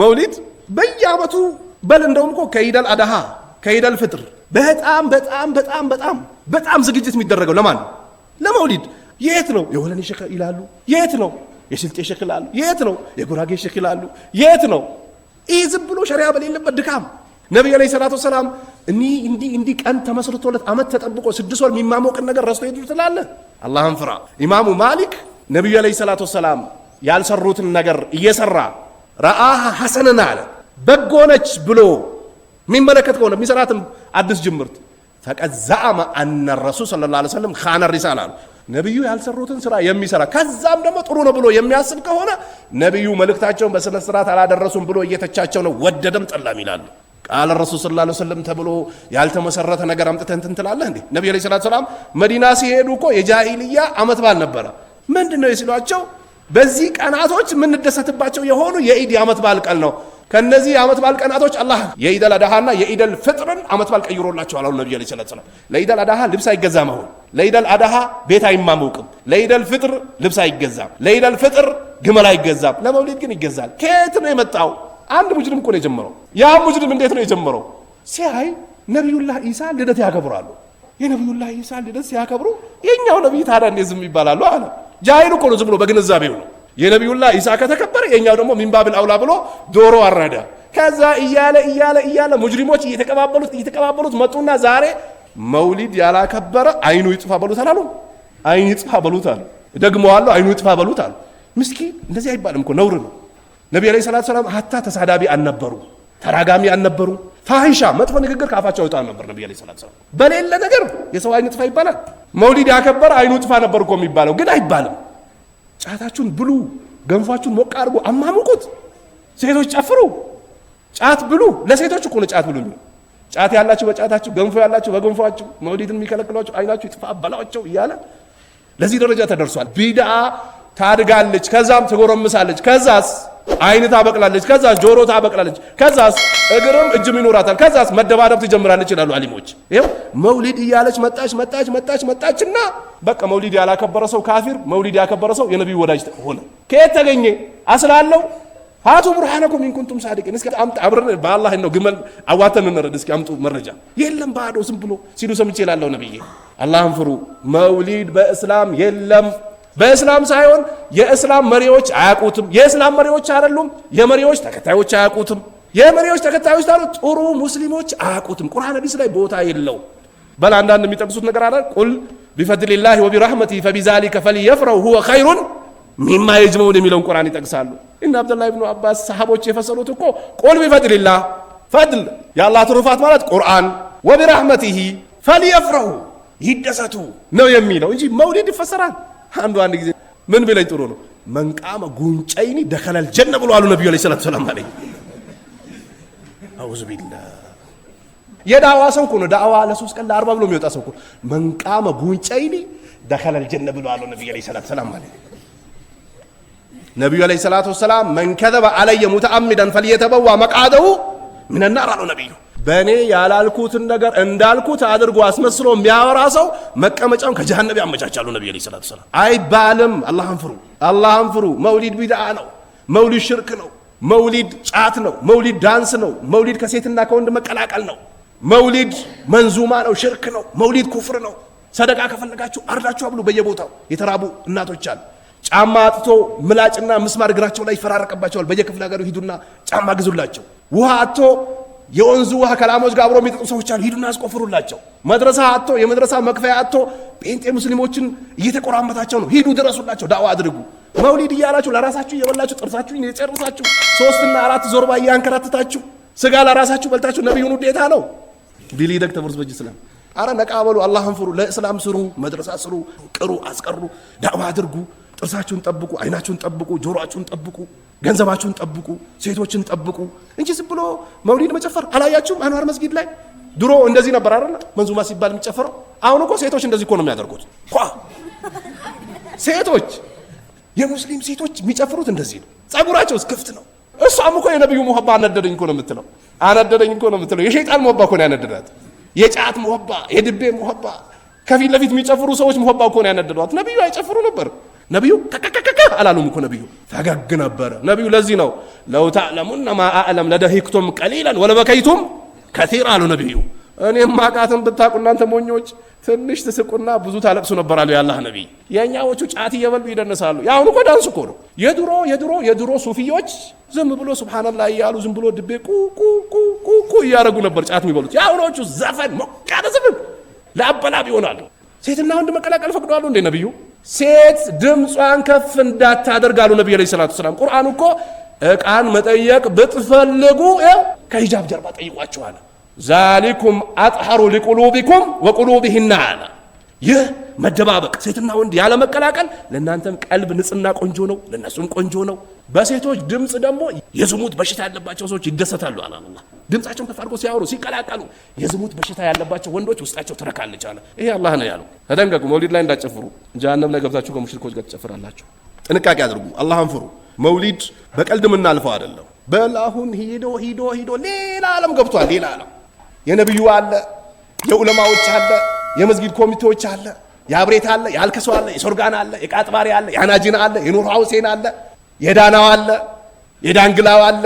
መውሊድ በየአመቱ በል እንደውም እኮ ከኢደል አድሃ ከኢደል ፍጥር በጣም በጣም በጣም በጣም በጣም ዝግጅት የሚደረገው ለማን ለመውሊድ። የት ነው የወለኔ ሸክ ይላሉ፣ የት ነው የስልጤ ሸክ ይላሉ፣ የት ነው የጉራጌ ሸክ ይላሉ፣ የት ነው ይህ ዝም ብሎ ሸሪያ በሌለበት ድካም። ነቢዩ ዐለይሂ ሰላቱ ወሰላም እኒህ እንዲህ እንዲህ ቀን ተመስርቶለት አመት ተጠብቆ ስድስት ወር የሚማሞቅን ነገር ረስቶ ሄዱ ትላለ። አላህን ፍራ። ኢማሙ ማሊክ ነቢዩ ዐለይሂ ሰላቱ ወሰላም ያልሰሩትን ነገር እየሰራ ረአሃ ሐሰንን አለ በጎ ነች ብሎ የሚመለከት ከሆነ የሚሰራትም አዲስ ጅምርት ፈቀድ ዛአመ አነ ረሱል ስለ ላ ሰለም ካነ ሪሳላ አሉ ነቢዩ ያልሰሩትን ስራ የሚሰራ ከዛም ደግሞ ጥሩ ነው ብሎ የሚያስብ ከሆነ ነቢዩ መልእክታቸውን በስነ ስርዓት አላደረሱም ብሎ እየተቻቸው ነው። ወደደም ጠላም ይላሉ። ቃለ ረሱል ስለ ላ ሰለም ተብሎ ያልተመሰረተ ነገር አምጥተህ እንትን ትላለህ እንዴ? ነቢ ለ ሰላት ሰላም መዲና ሲሄዱ እኮ የጃኢልያ አመት በዓል ነበረ። ምንድን ነው የሲሏቸው በዚህ ቀናቶች የምንደሰትባቸው የሆኑ የኢድ አመት በዓል ቀን ነው። ከነዚህ የአመት በዓል ቀናቶች አላህ የኢደል አዳሃና የኢደል ፍጥርን አመት በዓል ቀይሮላቸዋል። አሁን ነብዩ ሰለላሁ ዐለይሂ ወሰለም ለኢደል አዳሃ ልብስ አይገዛ መሆን፣ ለኢደል አዳሃ ቤት አይማመውቅም፣ ለኢደል ፍጥር ልብስ አይገዛም። ለኢደል ፍጥር ግመል አይገዛም። ለመውሊድ ግን ይገዛል። ከየት ነው የመጣው? አንድ ሙጅድም እኮ ነው የጀመረው። ያ ሙጅድም እንዴት ነው የጀመረው? ሲያይ ነቢዩላህ ኢሳ ልደት ያከብራሉ። የነቢዩላህ ኢሳ ልደት ሲያከብሩ የእኛው ነቢይ ታዲያ እንዴ ዝም ይባላሉ አለ ጃይሉ እኮ ነው ዝም ብሎ በግንዛቤው ነው። የነቢዩላ ኢሳ ከተከበረ የኛው ደግሞ ሚንባብል አውላ ብሎ ዶሮ አረደ። ከዛ እያለ እያለ እያለ ሙጅሪሞች እየተቀባበሉት እየተቀባበሉት መጡና ዛሬ መውሊድ ያላከበረ አይኑ ይጥፋ በሉት አላሉ። አይኑ ይጥፋ በሉት አሉ። ደግሞ አሉ አይኑ ይጥፋ በሉት አሉ። ምስኪን እንደዚህ አይባልም እኮ ነውር ነው። ነቢ ዐለይሂ ሰላቱ ሰላም ሀታ ተሳዳቢ አልነበሩ፣ ተራጋሚ አልነበሩ። ፋሂሻ መጥፎ ንግግር ከአፋቸው አይወጣም ነበር ነቢ ዐለይሂ ሰላቱ ሰላም። በሌለ ነገር የሰው አይን ይጥፋ ይባላል። መውሊድ ያከበር አይኑ ጥፋ ነበር እኮ የሚባለው ግን አይባልም። ጫታችሁን ብሉ፣ ገንፏችሁን ሞቅ አድርጉ፣ አማሙቁት፣ ሴቶች ጨፍሩ፣ ጫት ብሉ። ለሴቶች እኮ ነው ጫት ብሉ። ጫት ያላችሁ በጫታችሁ፣ ገንፎ ያላችሁ በገንፏችሁ፣ መውሊድን የሚከለክሏችሁ አይናችሁ ይጥፋ በላቸው እያለ ለዚህ ደረጃ ተደርሷል። ቢድአ ታድጋለች፣ ከዛም ትጎረምሳለች። ከዛስ አይን ታበቅላለች፣ ከዛስ ጆሮ ታበቅላለች፣ ከዛስ እግርም እጅም ይኖራታል፣ ከዛስ መደባደብ ትጀምራለች ይላሉ አሊሞች። ይኸው መውሊድ እያለች መጣች መጣች መጣች መጣችና በቃ መውሊድ ያላከበረ ሰው ካፊር፣ መውሊድ ያከበረ ሰው የነቢዩ ወዳጅ ሆነ። ከየት ተገኘ አስላለው አቶ ቡርሃነኩም ኢንኩንቱም ሳዲቅን እስኪ አምጥ አብረን በአላህ ነው ግመል አዋተን እንረድ እስኪ አምጡ መረጃ የለም ባዶ ዝም ብሎ ሲሉ ሰምቼ ላለሁ ነብዬ አላህን ፍሩ መውሊድ በእስላም የለም በእስላም ሳይሆን የእስላም መሪዎች አያውቁትም። የእስላም መሪዎች አይደሉም። የመሪዎች ተከታዮች አያውቁትም። የመሪዎች ተከታዮች ታሉ ጥሩ ሙስሊሞች አያውቁትም። ቁርአን ሐዲስ ላይ ቦታ የለው። በል አንዳንድ የሚጠቅሱት ነገር አለ። ቁል ቢፈድሊላሂ ወቢራህመቲ ፈቢዛሊከ ፈልየፍረው ሁወ ኸይሩን ሚማ የጅመውን የሚለውን ቁርአን ይጠቅሳሉ። እነ አብዱላህ ብኑ አባስ ሰሃቦች የፈሰሩት እኮ ቁል ቢፈድሊላህ ፈድል የአላህ ትሩፋት ማለት ቁርአን ወቢራህመቲሂ ፈልየፍረሁ ይደሰቱ ነው የሚለው እንጂ መውሊድ ይፈሰራል አንዱ አንድ ጊዜ ምን ብለኝ ጥሩ ነው መንቃመ ጉንጨይኒ ደከለል ጀነ ብሎ አሉ ነቢዩ ዐለይሂ ሰላቱ ሰላም አለይ አውዝ ቢላ የዳዋ ሰው እኮ ነው። ዳዋ ለሶስት ቀን ለአርባ ብሎ የሚወጣ ሰው እኮ መንቃመ ጉንጨይኒ ደከለል ጀነ ብሎ አሉ ነቢዩ ዐለይሂ ሰላቱ ሰላም አለይ ነቢዩ ዐለይሂ ሰላቱ ሰላም መን አለየ ሙተአሚደን ፈልየተበዋ መቃደው ሚነናር አሉ ነቢዩ በእኔ ያላልኩትን ነገር እንዳልኩት አድርጎ አስመስሎ የሚያወራ ሰው መቀመጫውን ከጀሃነብ ያመቻቻሉ። ነቢ ዐለይሂ ሰላቱ ሰላም አይባልም። አላህን ፍሩ፣ አላህን ፍሩ። መውሊድ ቢድዓ ነው። መውሊድ ሽርክ ነው። መውሊድ ጫት ነው። መውሊድ ዳንስ ነው። መውሊድ ከሴትና ከወንድ መቀላቀል ነው። መውሊድ መንዙማ ነው፣ ሽርክ ነው። መውሊድ ኩፍር ነው። ሰደቃ ከፈለጋችሁ አርዳችሁ አብሉ። በየቦታው የተራቡ እናቶች አሉ። ጫማ አጥቶ ምላጭና ምስማር እግራቸው ላይ ይፈራረቅባቸዋል። በየክፍለ ሀገሩ ሂዱና ጫማ ግዙላቸው። ውሃ አጥቶ የወንዙ ውሃ ከላሞች ጋር አብሮ የሚጠጡ ሰዎች አሉ። ሂዱና ያስቆፍሩላቸው። መድረሳ አቶ የመድረሳ መክፈያ አቶ ጴንጤ ሙስሊሞችን እየተቆራመታቸው ነው። ሂዱ ድረሱላቸው፣ ዳዋ አድርጉ። መውሊድ እያላችሁ ለራሳችሁ እየበላችሁ ጥርሳችሁ የጨርሳችሁ ሶስትና አራት ዞርባ እያንከራትታችሁ ስጋ ለራሳችሁ በልታችሁ ነቢዩን ውዴታ ነው ቢሊ ደግ ተብርስ በጅ ስላም አረ ነቃበሉ። አላህን ፍሩ፣ ለእስላም ስሩ፣ መድረሳ ስሩ፣ ቅሩ፣ አስቀሩ፣ ዳዋ አድርጉ፣ ጥርሳችሁን ጠብቁ፣ አይናችሁን ጠብቁ፣ ጆሮአችሁን ጠብቁ። ገንዘባችሁን ጠብቁ፣ ሴቶችን ጠብቁ እንጂ ዝም ብሎ መውሊድ መጨፈር አላያችሁም? አንዋር መስጊድ ላይ ድሮ እንደዚህ ነበር አይደለ? መንዙማ ሲባል የሚጨፈረው። አሁን እኮ ሴቶች እንደዚህ እኮ ነው የሚያደርጉት። ሴቶች የሙስሊም ሴቶች የሚጨፍሩት እንደዚህ ነው። ጸጉራቸው ክፍት ነው። እሷም እኮ የነቢዩ ሞባ አነደደኝ እኮ ነው የምትለው። አነደደኝ እኮ ነው የምትለው። የሸይጣን ሞባ እኮ ነው ያነደዳት። የጫት ሞባ፣ የድቤ ሞባ፣ ከፊት ለፊት የሚጨፍሩ ሰዎች ሞባ እኮ ነው ያነደዷት። ነቢዩ አይጨፍሩ ነበር። ነቢዩ ከከከከከ አላሉም እኮ ነቢዩ ፈገግ ነበረ ነቢዩ። ለዚህ ነው ለው ተዕለሙነ ማ አዕለም ለደሂክቱም ቀሊለን ወለበከይቱም ከሲር አሉ ነቢዩ። እኔም ማቃትን ብታቁ እናንተ ሞኞች ትንሽ ትስቁና ብዙ ታለቅሱ ነበር አሉ የአላህ ነቢይ። የእኛዎቹ ጫት እየበሉ ይደንሳሉ። የአሁኑ እኮ ዳንስ እኮ ነው። የድሮ የድሮ የድሮ ሱፊዎች ዝም ብሎ ሱብሓነላህ እያሉ ዝም ብሎ ድቤ ቁቁቁቁ እያደረጉ ነበር ጫት የሚበሉት። የአሁኖቹ ዘፈን ሞቃለ ዝብን ለአበላብ ይሆናሉ። ሴትና ወንድ መቀላቀል ፈቅደዋሉ እንዴ ነቢዩ ሴት ድምጿን ከፍ እንዳታደርግ አሉ ነቢዩ ዓለይሂ ሰላቱ ሰላም። ቁርአን እኮ እቃን መጠየቅ ብትፈልጉ ከሂጃብ ጀርባ አለ። ዛሊኩም አጥሐሩ ሊቁሉቢኩም ወቁሉቢሂና አለ። ይህ መደባበቅ ሴትና ወንድ ያለመቀላቀል ለእናንተም ቀልብ ንጽህና ቆንጆ ነው፣ ለእነሱም ቆንጆ ነው። በሴቶች ድምፅ ደግሞ የዝሙት በሽታ ያለባቸው ሰዎች ይደሰታሉ። አላላ ድምፃቸውን ከፍ አድርጎ ሲያወሩ ሲቀላቀሉ የዝሙት በሽታ ያለባቸው ወንዶች ውስጣቸው ትረካለች አለ። ይሄ አላህ ነው ያለው። ተደንቀቁ፣ መውሊድ ላይ እንዳጨፍሩ። ጀሃነም ላይ ገብታችሁ ከሙሽሪኮች ጋር ትጨፍራላችሁ። ጥንቃቄ አድርጉ፣ አላህን ፍሩ። መውሊድ በቀልድ የምናልፈው አይደለም። በላሁን ሂዶ ሂዶ ሂዶ ሌላ ዓለም ገብቷል። ሌላ ዓለም የነቢዩ አለ፣ የዑለማዎች አለ፣ የመስጊድ ኮሚቴዎች አለ፣ የአብሬት አለ፣ የአልከሰው አለ፣ የሶርጋን አለ፣ የቃጥባሪ አለ፣ የአናጂን አለ፣ የኑር ሐውሴን አለ የዳናው አለ፣ የዳንግላው አለ፣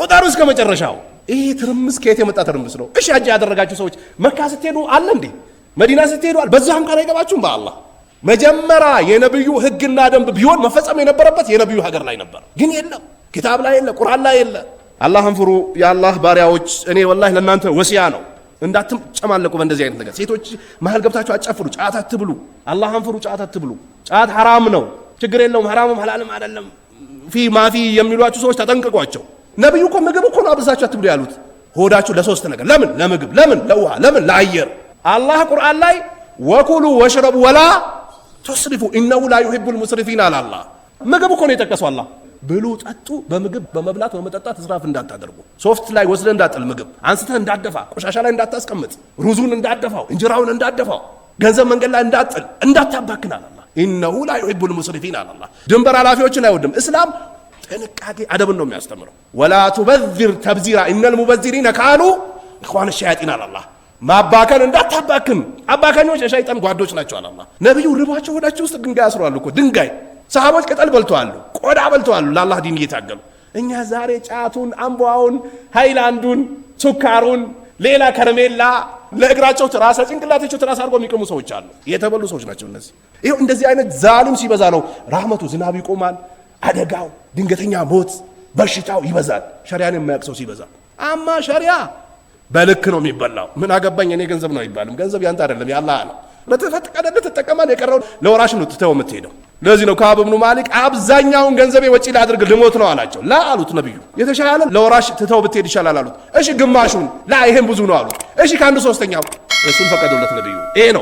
ቁጠሩ እስከ መጨረሻው። ይሄ ትርምስ ከየት የመጣ ትርምስ ነው? እሺ አጃ ያደረጋችሁ ሰዎች መካ ስትሄዱ አለ እንዴ? መዲና ስትሄዱ አለ? በዛም እንኳን አይገባችሁም። በአላህ መጀመሪያ የነቢዩ ህግና ደንብ ቢሆን መፈጸም የነበረበት የነቢዩ ሀገር ላይ ነበር፣ ግን የለም። ኪታብ ላይ የለ፣ ቁርአን ላይ የለ። አላህን ፍሩ የአላህ ባሪያዎች። እኔ ወላሂ ለእናንተ ወሲያ ነው እንዳትጨማለቁ በእንደዚህ አይነት ነገር። ሴቶች መሀል ገብታችሁ አጨፍሩ፣ ጫት አትብሉ። አላህን ፍሩ፣ ጫት አትብሉ። ጫት ሐራም ነው፣ ችግር የለውም። ሐራምም ሐላልም አይደለም። ፊ ማፊ የሚሏችሁ ሰዎች ተጠንቀቋቸው ነቢዩ እኮ ምግብ እኮ ነው አብዛችሁ አትብሉ ያሉት። ሆዳችሁ ለሶስት ነገር ለምን ለምግብ፣ ለምን ለውሃ፣ ለምን ለአየር። አላህ ቁርአን ላይ ወኩሉ ወሽረቡ ወላ ቱስሪፉ ኢነሁ ላ ዩሂቡል ሙስሪፊን አለ። አላህ ምግብ እኮ ነው የጠቀሰው። አላ? ብሉ ጠጡ፣ በምግብ በመብላት በመጠጣት እስራፍ እንዳታደርጉ። ሶፍት ላይ ወስደህ እንዳጥል፣ ምግብ አንስተ እንዳደፋ፣ ቆሻሻ ላይ እንዳታስቀምጥ፣ ሩዙን እንዳደፋው፣ እንጀራውን እንዳደፋው፣ ገንዘብ መንገድ ላይ እንዳጥል፣ እንዳታባክናል ኢነሁ ላ ዩሒቡል ሙስሪፊን አላላ ድንበር ኃላፊዎችን አይወድም። እስላም ጥንቃቄ አደብን ነው የሚያስተምረው። ወላ ቱበዚር ተብዚራ ኢነል ሙበዚሪነ ካኑ ኢኽዋነ ሸያጢን አላላ ማባከን እንዳታባክን፣ አባካኞች የሸይጣን ጓዶች ናቸው አላላ። ነቢዩ ርቧቸው ሆዳቸው ውስጥ ድንጋይ አስረዋል እኮ ድንጋይ። ሰሃቦች ቅጠል በልተዋሉ፣ ቆዳ በልተዋሉ፣ ለአላህ ዲን እየታገሉ እኛ ዛሬ ጫቱን፣ አምቧውን፣ ሃይላንዱን፣ ሱካሩን፣ ሌላ ከረሜላ ለእግራቸው ትራስ ለጭንቅላታቸው ትራስ አድርገው የሚቀሙ ሰዎች አሉ። የተበሉ ሰዎች ናቸው እነዚህ። ይኸው እንደዚህ አይነት ዛሊም ሲበዛ ነው ራህመቱ፣ ዝናብ ይቆማል፣ አደጋው፣ ድንገተኛ ሞት፣ በሽታው ይበዛል። ሸሪያን የማያውቅ ሰው ሲበዛ አማ ሸሪያ በልክ ነው የሚበላው። ምን አገባኝ እኔ ገንዘብ ነው አይባልም። ገንዘብ ያንተ አይደለም ያላህ ነው። ለተፈቀደልህ ትጠቀማለህ፣ የቀረው ለወራሽ ነው ትተኸው የምትሄደው። ለዚህ ነው ከአብ ብኑ ማሊክ አብዛኛውን ገንዘቤ ወጪ ላድርግ ልሞት ነው አላቸው። ላ አሉት ነቢዩ፣ የተሻለ ለወራሽ ትተው ብትሄድ ይሻላል አሉት። እሺ ግማሹን፣ ላ ይሄን ብዙ ነው አሉት። እሺ ከአንዱ ሶስተኛው እሱን ፈቀዱለት ነቢዩ። ይሄ ነው